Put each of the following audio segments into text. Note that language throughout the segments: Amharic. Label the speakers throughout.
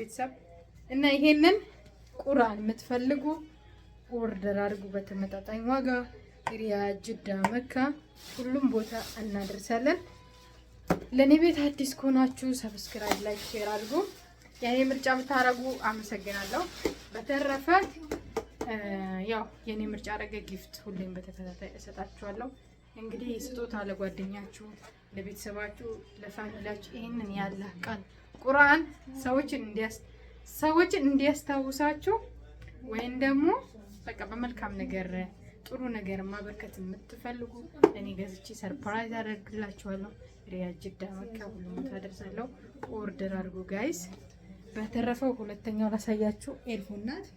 Speaker 1: ቤተሰብ እና ይሄንን ቁርአን የምትፈልጉ ኦርደር አድርጉ በተመጣጣኝ ዋጋ። ሪያድ፣ ጅዳ፣ መካ ሁሉም ቦታ እናደርሳለን። ለእኔ ቤት አዲስ ከሆናችሁ ሰብስክራይብ፣ ላይክ፣ ሼር አድርጉ። የኔ ምርጫ ብታረጉ አመሰግናለሁ። በተረፈ ያው የኔ ምርጫ አረገ ጊፍት ሁሌም በተከታታይ እሰጣችኋለሁ። እንግዲህ ስጦታ ለጓደኛችሁ፣ ለቤተሰባችሁ፣ ለፋሚላችሁ ይህንን ያላህ ቃል ቁርአን ሰዎችን እንዲያስ ሰዎችን እንዲያስታውሳችሁ ወይም ደግሞ በቃ በመልካም ነገር ጥሩ ነገር ማበርከት የምትፈልጉ እኔ ገዝቼ ሰርፕራይዝ አደርግላችኋለሁ። ሪያድ፣ ጅዳ፣ መካ ሁሉ ቦታ አደርሳለሁ። ኦርደር አድርጉ ጋይስ። በተረፈው ሁለተኛው ላሳያችሁ ኤርፎን ናት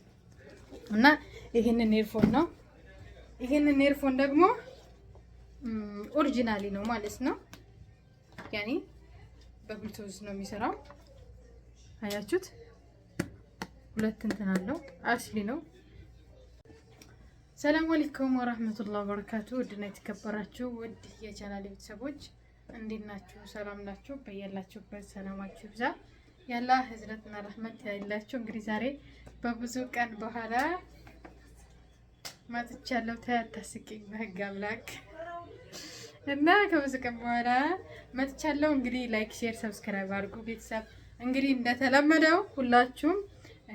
Speaker 1: እና ይህንን ኤርፎን ነው። ይህንን ኤርፎን ደግሞ ኦሪጂናሊ ነው ማለት ነው። ያኔ በብሉቱዝ ነው የሚሰራው። አያችሁት? ሁለት እንትን አለው። አስሊ ነው። ሰላም አለይኩም ወራህመቱላሂ ወበረካቱ። ውድና የተከበራችሁ ውድ የቻናል ቤተሰቦች እንዴት ናችሁ? ሰላም ናችሁ? በያላችሁበት ሰላማችሁ ይብዛ። ያላ ህዝነትና ረህመት ያላችሁ። እንግዲህ ዛሬ በብዙ ቀን በኋላ መጥቻለሁ። ታያታስቂኝ በህግ አምላክ እና ከብዙ ቀን በኋላ መጥቻለሁ። እንግዲህ ላይክ፣ ሼር፣ ሰብስክራይብ አድርጉ ቤተሰብ። እንግዲህ እንደተለመደው ሁላችሁም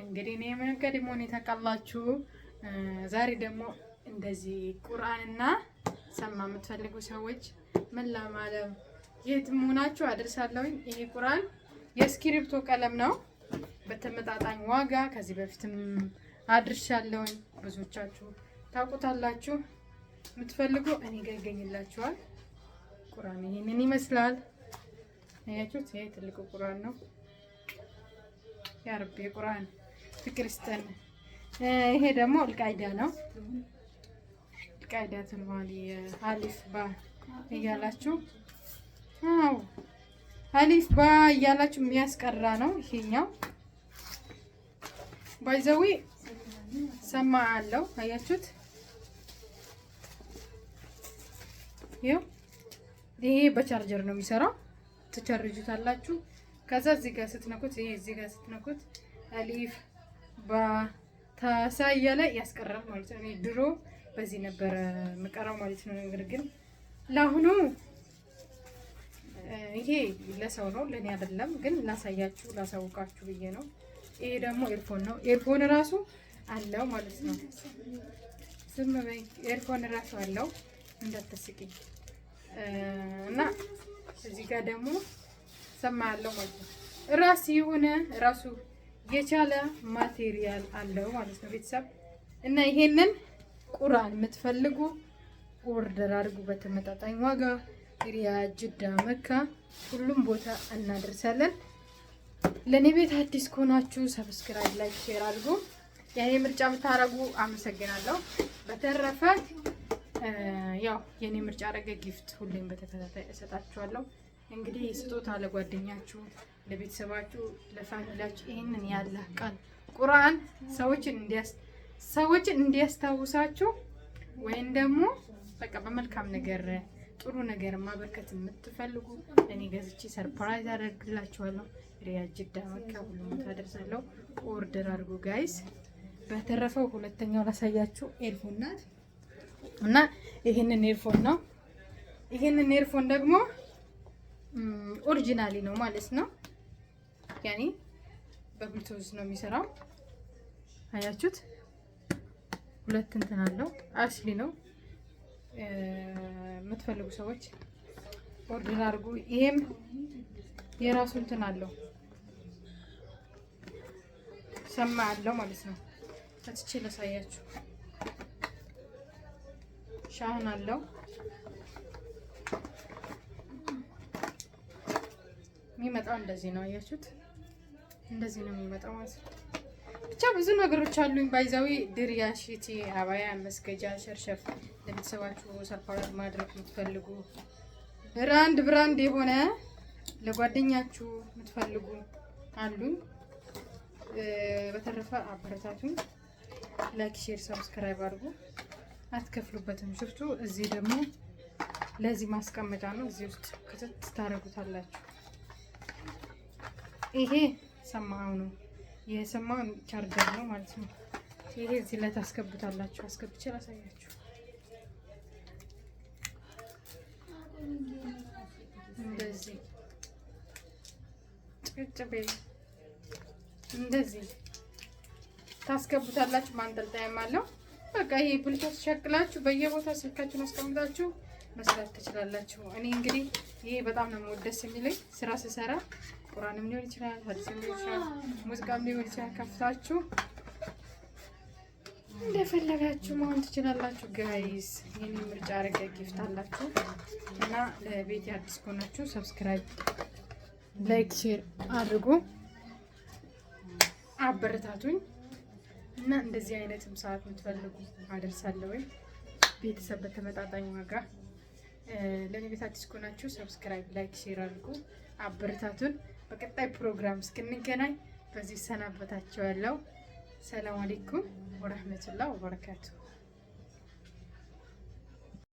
Speaker 1: እንግዲህ እኔ መንገድ መሆን የታውቃላችሁ። ዛሬ ደግሞ እንደዚህ ቁርአንና ሰማ የምትፈልጉ ሰዎች መላም ዓለም የት መሆናችሁ አደርሳለሁኝ። ይሄ ቁርአን የእስክሪብቶ ቀለም ነው በተመጣጣኝ ዋጋ ከዚህ በፊትም አድርሻለሁኝ። ብዙዎቻችሁ ታውቁታላችሁ። የምትፈልጉ እኔ ጋር ይገኝላችኋል። ቁራን ይሄንን ይመስላል። አያችሁት? ይሄ ትልቁ ቁራን ነው። ያ ረቢ ቁራን ፍቅር ይስጠን። ይሄ ደግሞ አልቃይዳ ነው። አልቃይዳ ትንዋል አሊፍ ባ እያላችሁ አዎ አሊፍ ባ እያላችሁ የሚያስቀራ ነው። ይሄኛው ባይዘዊ ሰማ አለው። አያችሁት? ይኸው ይሄ በቻርጀር ነው የሚሰራው። ትቻርጁታላችሁ። ከዛ እዚህ ጋር ስትነኩት ይሄ እዚህ ጋር ስትነኩት አሊፍ በተሳያ ላይ ያስቀራል ማለት ነው። ድሮ በዚህ ነበረ ምቀራው ማለት ነው። ነገር ግን ለአሁኑ ይሄ ለሰው ነው ለእኔ አይደለም። ግን ላሳያችሁ ላሳውቃችሁ ብዬ ነው። ይሄ ደግሞ ኤርፎን ነው። ኤርፎን ራሱ አለው ማለት ነው። ዝም ኤርፎን ራሱ አለው እንዳትስቂኝ እና እዚህ ጋር ደግሞ ሰማ ያለው ማለት ነው። ራስ የሆነ ራሱ የቻለ ማቴሪያል አለው ማለት ነው ቤተሰብ እና ይሄንን ቁርአን የምትፈልጉ ኦርደር አድርጉ በተመጣጣኝ ዋጋ ሪያ ጅዳ፣ መካ ሁሉም ቦታ እናደርሳለን። ለእኔ ቤት አዲስ ከሆናችሁ ሰብስክራይብ፣ ላይክ፣ ሼር አድርጉ። የእኔ ምርጫ ብታረጉ አመሰግናለሁ። በተረፈ ያው የእኔ ምርጫ ያደረገ ጊፍት ሁሌም በተከታታይ እሰጣችኋለሁ። እንግዲህ ስጦታ ለጓደኛችሁ፣ ለቤተሰባችሁ፣ ለፋሚላችሁ ይህንን ያለ ቃል ቁርአን ሰዎችን እንዲያስታውሳችሁ ወይም ደግሞ በቃ በመልካም ነገር ጥሩ ነገር ማበርከት የምትፈልጉ እኔ ገዝቼ ሰርፕራይዝ አደርግላችኋለሁ። ሪያድ፣ ጅዳ፣ መካ ሁሉ ቦታ ኦርደር አድርጉ ጋይስ። በተረፈው ሁለተኛው ላሳያችሁ ኤልፎ እና ይህንን ኤርፎን ነው። ይህንን ኤርፎን ደግሞ ኦሪጂናሊ ነው ማለት ነው። ያኔ በብሉቱዝ ነው የሚሰራው። አያችሁት? ሁለት እንትን አለው። አስሊ ነው። የምትፈልጉ ሰዎች ኦርደር አድርጉ። ይሄም የራሱ እንትን አለው ሰማ አለው ማለት ነው። ከትቼ ላሳያችሁ ሻህን አለው የሚመጣው እንደዚህ ነው። አያችሁት? እንደዚህ ነው የሚመጣው ማለት ነው። ብቻ ብዙ ነገሮች አሉኝ። ባይዛዊ ድሪያ፣ ሺቲ፣ አባያ፣ መስገጃ፣ ሸርሸፍ ለቤተሰባችሁ ሰርፕራይዝ ማድረግ የምትፈልጉ ብራንድ ብራንድ የሆነ ለጓደኛችሁ የምትፈልጉ አሉኝ። በተረፈ አበረታቱኝ። ላይክ፣ ሼር፣ ሰብስክራይብ አድርጉ። አትከፍሉበትም። ሽፍቱ እዚህ ደግሞ ለዚህ ማስቀመጫ ነው። እዚህ ውስጥ ክትት ታደርጉታላችሁ። ይሄ ሰማው ነው። ይሄ ሰማው ቻርጀር ነው ማለት ነው። ይሄ እዚህ ላይ ታስገቡታላችሁ። አስገብቼ ላሳያችሁ። እንደዚህ ጭቅጭቤ እንደዚህ ታስገቡታላችሁ። ማንጠልጠያም አለው በቃ ይሄ ብልቶች ሸክላችሁ በየቦታ ስልካችሁን አስቀምጣችሁ መስራት ትችላላችሁ። እኔ እንግዲህ ይሄ በጣም ነው የምወደስ የሚለኝ ስራ ስሰራ ቁራንም ሊሆን ይችላል፣ ሀዲስም ሊሆን ይችላል፣ ሙዚቃም ሊሆን ይችላል። ከፍታችሁ እንደፈለጋችሁ መሆን ትችላላችሁ። ጋይስ ይህን ምርጫ አድርገ ጊፍት አላችሁ እና ለቤት አዲስ ከሆናችሁ ሰብስክራይብ፣ ላይክ፣ ሼር አድርጉ አበረታቱኝ። እና እንደዚህ አይነትም ሰዓት የምትፈልጉ አደርሳለሁ። ቤተሰብ በተመጣጣኝ ዋጋ ለእኔ ቤት አዲስ ከሆናችሁ ሰብስክራይብ፣ ላይክ፣ ሼር አድርጉ አበረታቱን። በቀጣይ ፕሮግራም እስክንገናኝ በዚህ ሰናበታቸው ያለው ሰላም አሌይኩም ወረህመቱላህ ወበረካቱ።